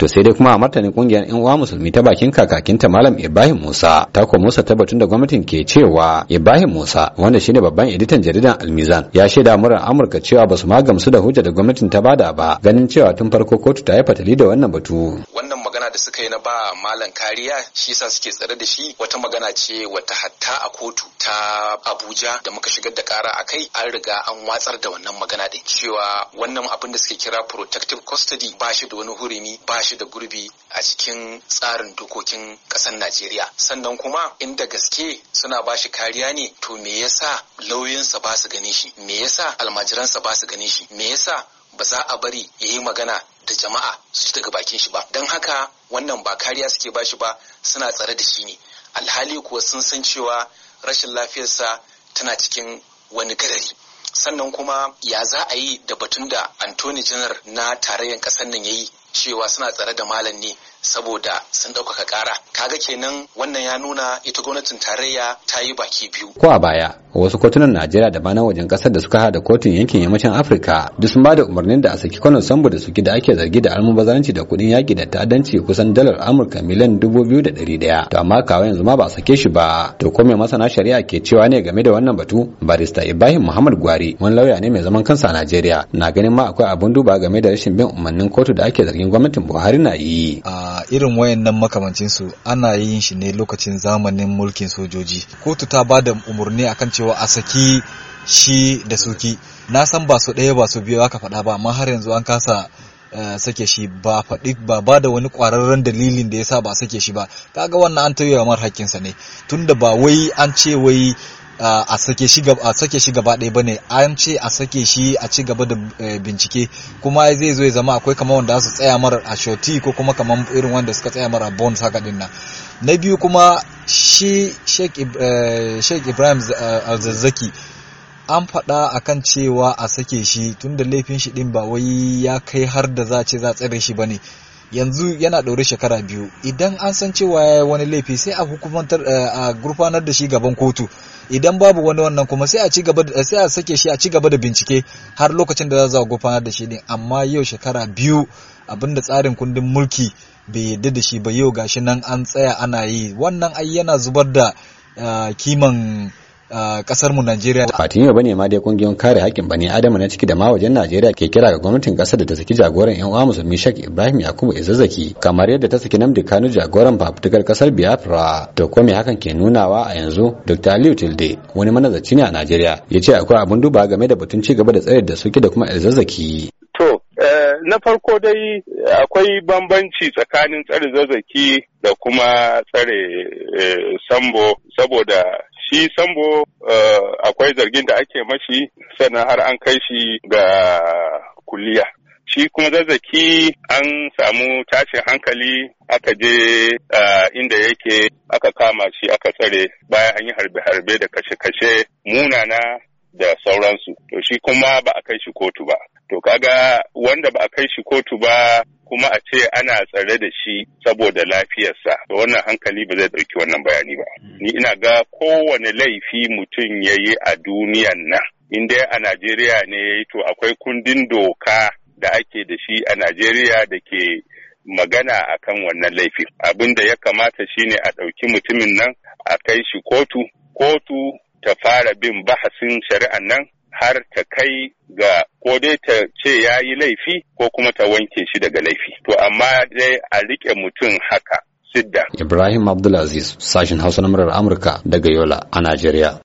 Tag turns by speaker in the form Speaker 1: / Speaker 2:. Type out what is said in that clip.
Speaker 1: To sai dai kuma a martanin kungiyar yan uwa musulmi ta bakin kakakinta Malam Ibrahim Musa ta ko Musa ta batun da gwamnatin ke cewa Ibrahim Musa wanda shine babban editan jaridan Almizan ya shaida murar Amurka cewa basu ma gamsu da hujja da gwamnatin ta bada ba ganin cewa tun farko kotu ta yi fatali da wannan batu.
Speaker 2: magana da suka yi na ba malam kariya shi sa suke tsare da shi wata magana ce wata hatta a kotu ta Abuja da muka shigar da kara a kai an riga an watsar da wannan magana din cewa wannan abin da suke kira protective custody ba shi da wani hurumi ba shi da gurbi a cikin tsarin dokokin kasar Najeriya sannan kuma inda gaske suna ba shi kariya ne to me yasa lauyinsa ba su gane shi me yasa almajiransa ba su gane shi me yasa ba za a bari ya yi magana da jama'a su daga bakin shi ba don haka wannan ba kariya suke ba shi ba suna tsare da shi ne alhali kuwa sun san cewa rashin lafiyarsa tana cikin wani gadari sannan kuma ya za a yi da batun da antoni janar na tarayyar kasar nan ya yi cewa suna tsare da malam ne saboda sun ɗaukaka ƙara kaga kenan wannan ya nuna ita gwamnatin tarayya ta yi baki biyu
Speaker 1: ko a baya wasu kotunan najeriya da banan wajen ƙasar da suka hada kotun yankin yammacin afirka duk sun bada umarnin da a saki kwanon sambo da suke da ake zargi da almubazaranci da kuɗin yaƙi da ta'addanci kusan dalar amurka miliyan dubu biyu da ɗari ɗaya to amma kawai yanzu ma ba a sake shi ba to ko mai masana shari'a ke cewa ne game da wannan batu barista ibrahim muhammad gwari wani lauya ne mai zaman kansa a najeriya na ganin ma akwai abun duba game da rashin bin umarnin kotu da ake zargin gwamnatin buhari na yi. Ah,
Speaker 3: irin wayannan makamancin su ana yin shi ne lokacin zamanin mulkin sojoji kotu ta ba da umarni akan cewa a saki shi da suki na san ba su ɗaya ba su biyu aka faɗa ba amma har yanzu an kasa eh, sake shi ba faɗi ba ba da wani ƙwararren dalilin da ya sa ba sake shi ba kaga wannan an tauyewa mar hakkinsa ne tunda ba wai an ce wai a sake shi a sake shi gaba ɗaya bane an ce a sake shi a ci gaba da eh, bincike kuma zai zo ya zama akwai kamar wanda su tsaya mara a shoti ko kuma kamar irin wanda suka tsaya mara bonds haka din nan na biyu kuma shi Sheikh eh, Ibrahim eh, Alzazzaki an faɗa akan cewa a sake shi tunda laifin shi din ba wai ya kai har da za a ce za a tsare shi bane yanzu yana ɗaure shekara biyu idan an san cewa ya wani laifi sai a hukumantar a gurfanar da shi gaban kotu idan babu wani wannan kuma sai a ci gaba da sai a sake shi a ci gaba da bincike har lokacin da za a gufanar da shi din amma yau shekara biyu abinda tsarin kundin mulki bai yadda da shi ba yau gashi nan an tsaya ana yi wannan ai yana zubar da
Speaker 1: ah, kiman kasar mu Najeriya. Ba tuni bane ma dai kungiyoyin kare haƙƙin bani Adamu na ciki da ma wajen Najeriya ke kira ga gwamnatin kasar da ta saki jagoran yan uwa musulmi Sheikh Ibrahim Yakubu Izazaki kamar yadda ta saki Namdi Kanu jagoran fafutukar kasar Biafra. To ko me hakan ke nunawa a yanzu Dr. Aliyu Tilde wani manazarci ne a Najeriya ya ce akwai abin duba game da batun ci gaba da tsayar da suke da kuma Izazaki. To eh, na farko
Speaker 4: dai akwai bambanci tsakanin tsare zazzaki da kuma tsare eh, sambo saboda shi sambo eh, akwai zargin da ake mashi sannan har an kai shi ga kuliya shi kuma zazzaki an samu tashin hankali aka je eh, inda yake aka kama shi aka tsare bayan an yi harbe-harbe da kashe-kashe munana da sauransu to shi kuma ba a kai shi kotu ba to kaga wanda ba a kai shi kotu ba kuma a ce ana tsare da shi saboda lafiyarsa da wannan hankali ba zai ɗauki wannan bayani ba hmm. ni ina ga kowane laifi mutum ya yi a duniyan nan in dai a najeriya ne to akwai kundin doka da ake da shi a najeriya da ke magana a kan wannan laifin abin da ya kamata shi ne a ɗauki mutumin nan a kai shi kotu kotu ta fara bin bahasin shari'an nan har ta kai ga ko dai ta ce ya yi laifi ko kuma ta wanke shi daga laifi to amma dai a riƙe mutum haka sidda ibrahim abdulaziz sashen hausa na murar amurka daga yola a najeriya